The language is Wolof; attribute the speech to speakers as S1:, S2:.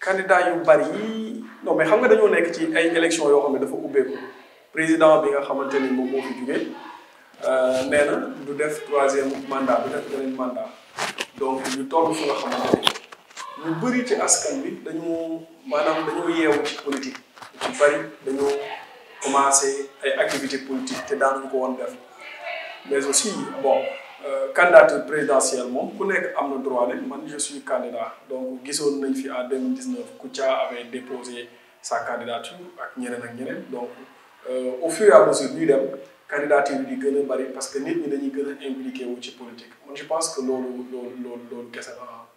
S1: candidat yu bari yi non mais xam nga dañoo nekk ci ay élection yoo xam ne dafa ubbeeku président bi nga xamante ni moom moo fi jugee euh, nee na du def troisième mandat du def beneen mandat donc ñu toll fu nga xamante ni ñu bëri ci askan bi dañu maanaam dañoo yeewu ci politique ci bari dañoo commencé ay activité politique te daanuñu ko woon def mais aussi bon Euh, candidature présidentielle mon ku nek am na droit ne man je suis candidat donc gisoon nañ fi en 2019 Kouthia avait déposé sa candidature ak ñeneen ak ñeneen donc euh, au fur et à mesure ñuy dem candidature bi di bari parce que nit ñi dañuy gëna impliqué wu ci politique moi je pense que lolu lolu lolu loolu